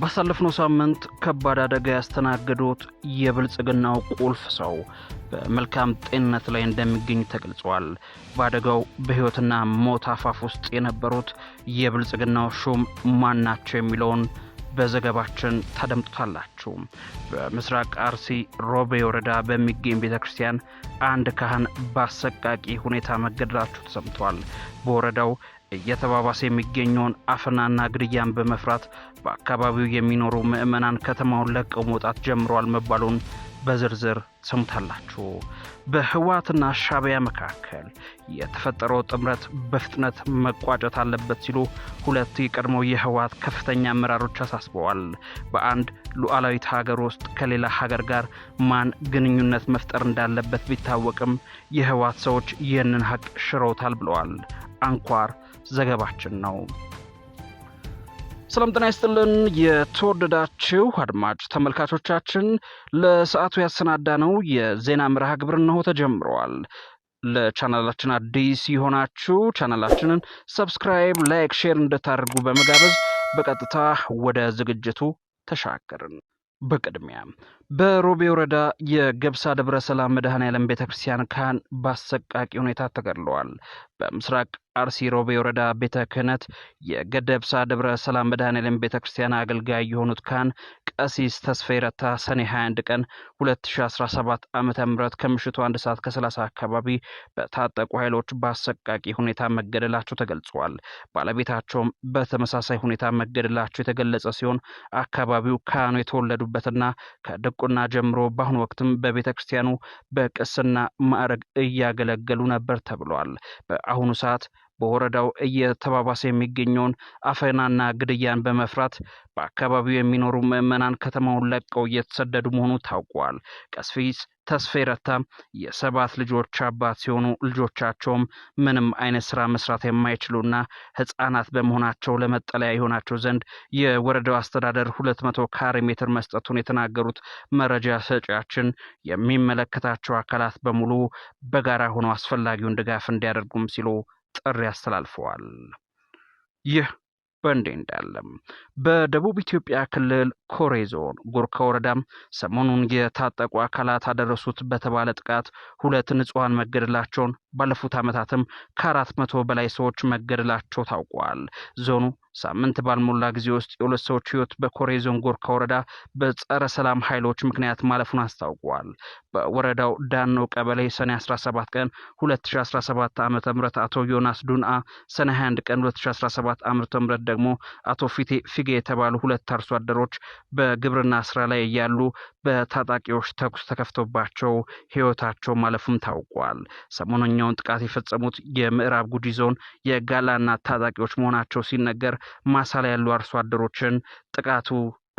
ባሳለፍነው ሳምንት ከባድ አደጋ ያስተናገዱት የብልጽግናው ቁልፍ ሰው በመልካም ጤንነት ላይ እንደሚገኙ ተገልጸዋል። በአደጋው በሕይወትና ሞት አፋፍ ውስጥ የነበሩት የብልጽግናው ሹም ማን ናቸው የሚለውን በዘገባችን ታደምጡታላችሁ። በምስራቅ አርሲ ሮቤ ወረዳ በሚገኝ ቤተ ክርስቲያን አንድ ካህን በአሰቃቂ ሁኔታ መገደላቸው ተሰምቷል። በወረዳው እየተባባሰ የሚገኘውን አፍናና ግድያን በመፍራት በአካባቢው የሚኖሩ ምዕመናን ከተማውን ለቀው መውጣት ጀምረዋል መባሉን በዝርዝር ሰምታላችሁ። በህወሓትና ሻዕቢያ መካከል የተፈጠረው ጥምረት በፍጥነት መቋጨት አለበት ሲሉ ሁለት የቀድሞው የህወሓት ከፍተኛ አመራሮች አሳስበዋል። በአንድ ሉዓላዊት ሀገር ውስጥ ከሌላ ሀገር ጋር ማን ግንኙነት መፍጠር እንዳለበት ቢታወቅም የህወሓት ሰዎች ይህንን ሀቅ ሽረውታል ብለዋል። አንኳር ዘገባችን ነው። ሰላም ጤና ይስጥልን። የተወደዳችሁ አድማጭ ተመልካቾቻችን ለሰዓቱ ያሰናዳ ነው። የዜና መርሃ ግብር እነሆ ተጀምረዋል። ለቻናላችን አዲስ የሆናችሁ ቻናላችንን ሰብስክራይብ፣ ላይክ፣ ሼር እንድታደርጉ በመጋበዝ በቀጥታ ወደ ዝግጅቱ ተሻገርን። በቅድሚያ በሮቤ ወረዳ የገብሳ ደብረ ሰላም መድኃኔዓለም ቤተ ክርስቲያን ካህን በአሰቃቂ ሁኔታ ተገድለዋል። በምስራቅ አርሲ ሮቤ ወረዳ ቤተ ክህነት የገደብሳ ደብረ ሰላም መድኃኔዓለም ቤተ ክርስቲያን አገልጋይ የሆኑት ካህን ቀሲስ ተስፋ ረታ ሰኔ 21 ቀን 2017 ዓ ም ከምሽቱ አንድ ሰዓት ከ30 አካባቢ በታጠቁ ኃይሎች በአሰቃቂ ሁኔታ መገደላቸው ተገልጿል። ባለቤታቸውም በተመሳሳይ ሁኔታ መገደላቸው የተገለጸ ሲሆን አካባቢው ካህኑ የተወለዱበትና ከደ ከዲቁና ጀምሮ በአሁኑ ወቅትም በቤተ ክርስቲያኑ በቅስና ማዕረግ እያገለገሉ ነበር ተብሏል። በአሁኑ ሰዓት በወረዳው እየተባባሰ የሚገኘውን አፈናና ግድያን በመፍራት በአካባቢው የሚኖሩ ምዕመናን ከተማውን ለቀው እየተሰደዱ መሆኑ ታውቋል። ቀስፊስ ተስፋዬ ረታ የሰባት ልጆች አባት ሲሆኑ ልጆቻቸውም ምንም አይነት ስራ መስራት የማይችሉና ህጻናት በመሆናቸው ለመጠለያ የሆናቸው ዘንድ የወረዳው አስተዳደር ሁለት መቶ ካሬ ሜትር መስጠቱን የተናገሩት መረጃ ሰጪያችን የሚመለከታቸው አካላት በሙሉ በጋራ ሆነው አስፈላጊውን ድጋፍ እንዲያደርጉም ሲሉ ጥሪ አስተላልፈዋል። ይህ በእንዴ እንዳለም በደቡብ ኢትዮጵያ ክልል ኮሬ ዞን ጎርካ ወረዳም ሰሞኑን የታጠቁ አካላት አደረሱት በተባለ ጥቃት ሁለት ንጹሐን መገደላቸውን ባለፉት ዓመታትም ከአራት መቶ በላይ ሰዎች መገደላቸው ታውቋል። ዞኑ ሳምንት ባልሞላ ጊዜ ውስጥ የሁለት ሰዎች ህይወት በኮሬ ዞን ጎርካ ወረዳ በጸረ ሰላም ኃይሎች ምክንያት ማለፉን አስታውቋል። በወረዳው ዳኖ ቀበሌ ሰኔ 17 ቀን 2017 ዓ ም አቶ ዮናስ ዱንአ ሰኔ 21 ቀን 2017 ዓ ም ደግሞ አቶ ፊቴ ፊጌ የተባሉ ሁለት አርሶ አደሮች በግብርና ስራ ላይ እያሉ በታጣቂዎች ተኩስ ተከፍቶባቸው ህይወታቸው ማለፉም ታውቋል። ሰሞነኛውን ጥቃት የፈጸሙት የምዕራብ ጉጂ ዞን የጋላና ታጣቂዎች መሆናቸው ሲነገር ማሳ ላይ ያሉ አርሶ አደሮችን ጥቃቱ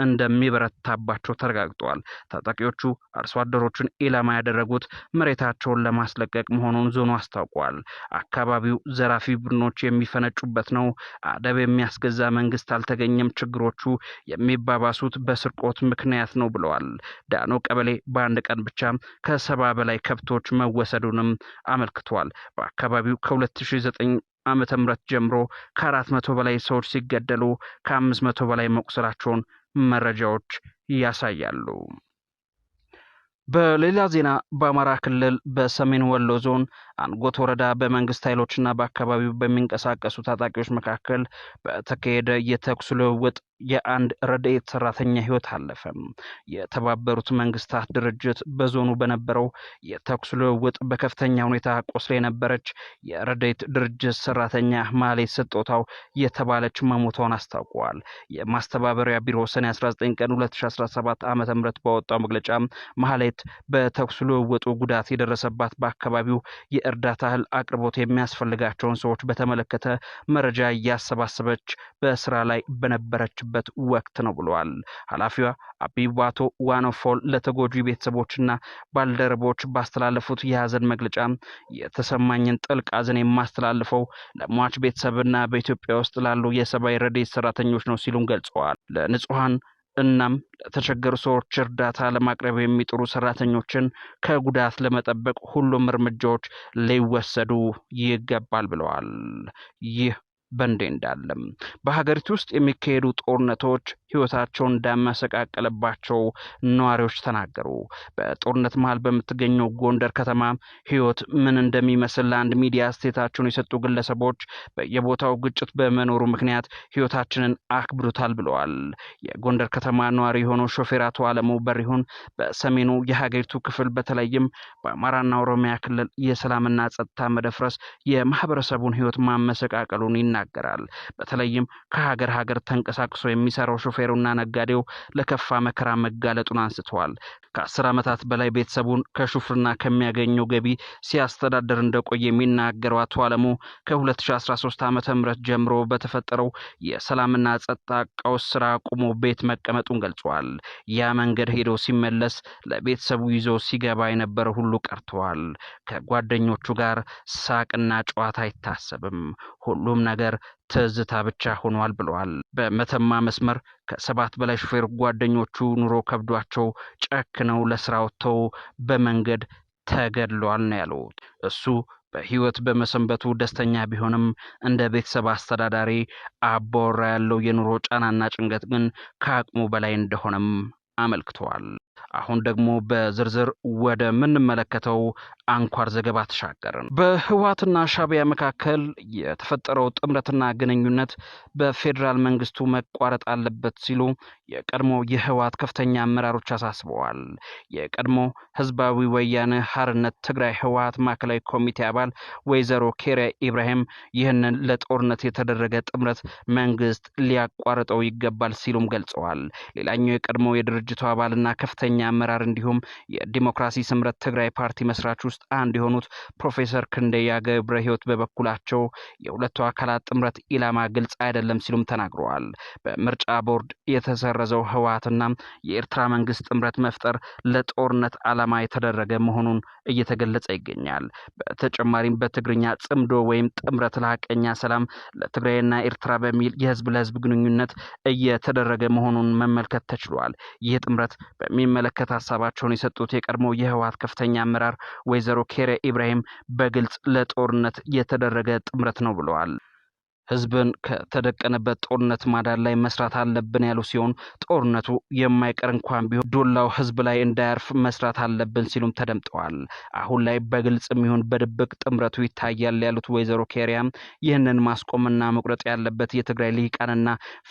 እንደሚበረታባቸው ተረጋግጧል። ታጣቂዎቹ አርሶ አደሮቹን ኢላማ ያደረጉት መሬታቸውን ለማስለቀቅ መሆኑን ዞኑ አስታውቋል። አካባቢው ዘራፊ ቡድኖች የሚፈነጩበት ነው። አደብ የሚያስገዛ መንግስት አልተገኘም። ችግሮቹ የሚባባሱት በስርቆት ምክንያት ነው ብለዋል። ዳኖ ቀበሌ በአንድ ቀን ብቻ ከሰባ በላይ ከብቶች መወሰዱንም አመልክቷል። በአካባቢው ከ2009 ዓመተ ምህረት ጀምሮ ከአራት መቶ በላይ ሰዎች ሲገደሉ ከአምስት መቶ በላይ መቁሰላቸውን መረጃዎች ያሳያሉ። በሌላ ዜና በአማራ ክልል በሰሜን ወሎ ዞን አንጎት ወረዳ በመንግስት ኃይሎችና በአካባቢው በሚንቀሳቀሱ ታጣቂዎች መካከል በተካሄደ የተኩስ ልውውጥ የአንድ ረድኤት ሰራተኛ ህይወት አለፈ። የተባበሩት መንግስታት ድርጅት በዞኑ በነበረው የተኩስ ልውውጥ በከፍተኛ ሁኔታ ቆስለ የነበረች የረድኤት ድርጅት ሰራተኛ ማሌ ስጦታው የተባለች መሞቷን አስታውቀዋል። የማስተባበሪያ ቢሮ ሰኔ 19 ቀን 2017 ዓ ም ባወጣው መግለጫ ማሌት በተኩስ ልውውጡ ጉዳት የደረሰባት በአካባቢው የእርዳታ እህል አቅርቦት የሚያስፈልጋቸውን ሰዎች በተመለከተ መረጃ እያሰባሰበች በስራ ላይ በነበረችበት ወቅት ነው ብለዋል ኃላፊዋ። አቢባቶ ዋኖፎል ለተጎጂ ቤተሰቦችና ባልደረቦች ባስተላለፉት የሀዘን መግለጫ የተሰማኝን ጥልቅ ሀዘን የማስተላልፈው ለሟች ቤተሰብና በኢትዮጵያ ውስጥ ላሉ የሰብአዊ ረድኤት ሰራተኞች ነው ሲሉም ገልጸዋል። ለንጹሐን እናም ለተቸገሩ ሰዎች እርዳታ ለማቅረብ የሚጥሩ ሰራተኞችን ከጉዳት ለመጠበቅ ሁሉም እርምጃዎች ሊወሰዱ ይገባል ብለዋል። ይህ በእንዴ እንዳለም በሀገሪቱ ውስጥ የሚካሄዱ ጦርነቶች ህይወታቸውን እንዳመሰቃቀለባቸው ነዋሪዎች ተናገሩ። በጦርነት መሀል በምትገኘው ጎንደር ከተማ ህይወት ምን እንደሚመስል ለአንድ ሚዲያ አስተያየታቸውን የሰጡ ግለሰቦች በየቦታው ግጭት በመኖሩ ምክንያት ህይወታችንን አክብዶታል ብለዋል። የጎንደር ከተማ ነዋሪ የሆነው ሾፌር አቶ አለሙ በሪሁን በሰሜኑ የሀገሪቱ ክፍል በተለይም በአማራና ኦሮሚያ ክልል የሰላምና ጸጥታ መደፍረስ የማህበረሰቡን ህይወት ማመሰቃቀሉን ይናገራል። በተለይም ከሀገር ሀገር ተንቀሳቅሶ የሚሰራው ሾፌሩና ነጋዴው ለከፋ መከራ መጋለጡን አንስተዋል። ከአስር ዓመታት በላይ ቤተሰቡን ከሹፍርና ከሚያገኘው ገቢ ሲያስተዳደር እንደቆየ የሚናገረው አቶ አለሙ ከ2013 ዓ ም ጀምሮ በተፈጠረው የሰላምና ጸጥታ ቀውስ ስራ ቁሞ ቤት መቀመጡን ገልጿል። ያ መንገድ ሄዶ ሲመለስ ለቤተሰቡ ይዞ ሲገባ የነበረ ሁሉ ቀርተዋል። ከጓደኞቹ ጋር ሳቅና ጨዋታ አይታሰብም። ሁሉም ነገር ትዝታ ብቻ ሆኗል ብለዋል። በመተማ መስመር ከሰባት በላይ ሹፌር ጓደኞቹ ኑሮ ከብዷቸው ጨክነው ለስራ ወጥተው በመንገድ ተገድሏል ነው ያሉት። እሱ በህይወት በመሰንበቱ ደስተኛ ቢሆንም እንደ ቤተሰብ አስተዳዳሪ አባወራ ያለው የኑሮ ጫናና ጭንቀት ግን ከአቅሙ በላይ እንደሆነም አመልክተዋል። አሁን ደግሞ በዝርዝር ወደምንመለከተው አንኳር ዘገባ ተሻገርን። በህወሓትና ሻቢያ መካከል የተፈጠረው ጥምረትና ግንኙነት በፌዴራል መንግስቱ መቋረጥ አለበት ሲሉ የቀድሞ የህወሓት ከፍተኛ አመራሮች አሳስበዋል። የቀድሞ ህዝባዊ ወያነ ሓርነት ትግራይ ህወሓት ማዕከላዊ ኮሚቴ አባል ወይዘሮ ኬሪያ ኢብራሂም ይህንን ለጦርነት የተደረገ ጥምረት መንግስት ሊያቋርጠው ይገባል ሲሉም ገልጸዋል። ሌላኛው የቀድሞ የድርጅቱ አባልና ከፍተኛ ከፍተኛ አመራር እንዲሁም የዲሞክራሲ ስምረት ትግራይ ፓርቲ መስራች ውስጥ አንድ የሆኑት ፕሮፌሰር ክንደያ ገብረ ህይወት በበኩላቸው የሁለቱ አካላት ጥምረት ኢላማ ግልጽ አይደለም ሲሉም ተናግረዋል። በምርጫ ቦርድ የተሰረዘው ህወሓትና የኤርትራ መንግስት ጥምረት መፍጠር ለጦርነት ዓላማ የተደረገ መሆኑን እየተገለጸ ይገኛል። በተጨማሪም በትግርኛ ጽምዶ ወይም ጥምረት ለሀቀኛ ሰላም ለትግራይና ኤርትራ በሚል የህዝብ ለህዝብ ግንኙነት እየተደረገ መሆኑን መመልከት ተችሏል። ይህ ጥምረት በሚመ በሚመለከት ሀሳባቸውን የሰጡት የቀድሞ የህወሀት ከፍተኛ አመራር ወይዘሮ ኬሪያ ኢብራሂም በግልጽ ለጦርነት የተደረገ ጥምረት ነው ብለዋል። ህዝብን ከተደቀነበት ጦርነት ማዳን ላይ መስራት አለብን ያሉ ሲሆን ጦርነቱ የማይቀር እንኳን ቢሆን ዶላው ህዝብ ላይ እንዳያርፍ መስራት አለብን ሲሉም ተደምጠዋል። አሁን ላይ በግልጽም ይሁን በድብቅ ጥምረቱ ይታያል ያሉት ወይዘሮ ኬሪያም ይህንን ማስቆምና መቁረጥ ያለበት የትግራይ ልሂቃንና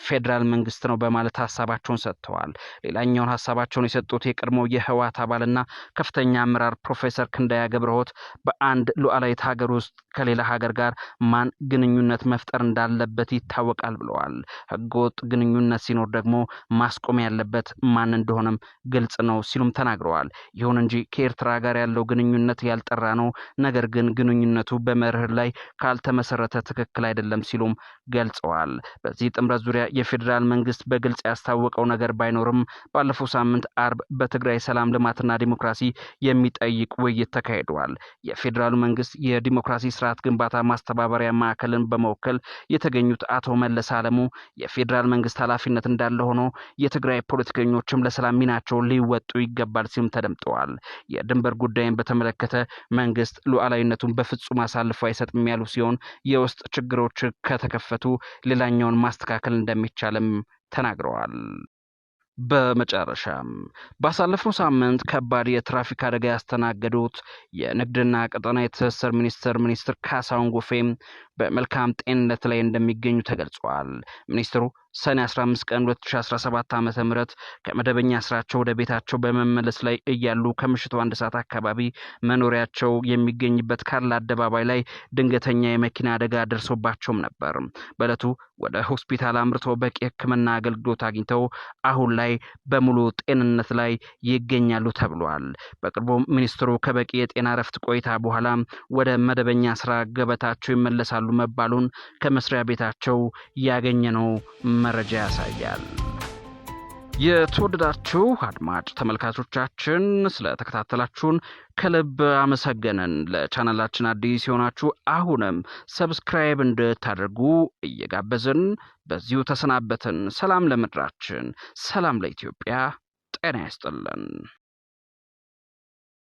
ፌዴራል መንግስት ነው በማለት ሀሳባቸውን ሰጥተዋል። ሌላኛውን ሀሳባቸውን የሰጡት የቀድሞው የህወሓት አባልና ከፍተኛ አመራር ፕሮፌሰር ክንዳያ ገብረሆት በአንድ ሉዓላዊት ሀገር ውስጥ ከሌላ ሀገር ጋር ማን ግንኙነት መፍጠር እንዳለበት ይታወቃል ብለዋል። ህገወጥ ግንኙነት ሲኖር ደግሞ ማስቆም ያለበት ማን እንደሆነም ግልጽ ነው ሲሉም ተናግረዋል። ይሁን እንጂ ከኤርትራ ጋር ያለው ግንኙነት ያልጠራ ነው፣ ነገር ግን ግንኙነቱ በመርህ ላይ ካልተመሰረተ ትክክል አይደለም ሲሉም ገልጸዋል። በዚህ ጥምረት ዙሪያ የፌዴራል መንግስት በግልጽ ያስታወቀው ነገር ባይኖርም ባለፈው ሳምንት አርብ በትግራይ ሰላም ልማትና ዲሞክራሲ የሚጠይቅ ውይይት ተካሂደዋል። የፌዴራሉ መንግስት የዲሞክራሲ ስርዓት ግንባታ ማስተባበሪያ ማዕከልን በመወከል የተገኙት አቶ መለስ አለሙ የፌዴራል መንግስት ኃላፊነት እንዳለ ሆኖ የትግራይ ፖለቲከኞችም ለሰላም ሚናቸው ሊወጡ ይገባል ሲሉም ተደምጠዋል። የድንበር ጉዳይን በተመለከተ መንግስት ሉዓላዊነቱን በፍጹም አሳልፎ አይሰጥም ያሉ ሲሆን የውስጥ ችግሮች ከተከፈቱ ሌላኛውን ማስተካከል እንደሚቻልም ተናግረዋል። በመጨረሻም ባሳለፍነው ሳምንት ከባድ የትራፊክ አደጋ ያስተናገዱት የንግድና ቀጠና የትስስር ሚኒስትር ሚኒስትር ካሳሁን ጎፌም በመልካም ጤንነት ላይ እንደሚገኙ ተገልጿል። ሚኒስትሩ ሰኔ 15 ቀን 2017 ዓ ም ከመደበኛ ስራቸው ወደ ቤታቸው በመመለስ ላይ እያሉ ከምሽቱ አንድ ሰዓት አካባቢ መኖሪያቸው የሚገኝበት ካርል አደባባይ ላይ ድንገተኛ የመኪና አደጋ ደርሶባቸውም ነበር። በለቱ ወደ ሆስፒታል አምርቶ በቂ ሕክምና አገልግሎት አግኝተው አሁን ላይ በሙሉ ጤንነት ላይ ይገኛሉ ተብሏል። በቅርቡ ሚኒስትሩ ከበቂ የጤና እረፍት ቆይታ በኋላ ወደ መደበኛ ስራ ገበታቸው ይመለሳሉ መባሉን ከመስሪያ ቤታቸው ያገኘ ነው መረጃ ያሳያል። የተወደዳችሁ አድማጭ ተመልካቾቻችን ስለተከታተላችሁን ከልብ አመሰገንን። ለቻናላችን አዲስ ሲሆናችሁ አሁንም ሰብስክራይብ እንድታደርጉ እየጋበዝን በዚሁ ተሰናበትን። ሰላም ለምድራችን፣ ሰላም ለኢትዮጵያ። ጤና ያስጥልን።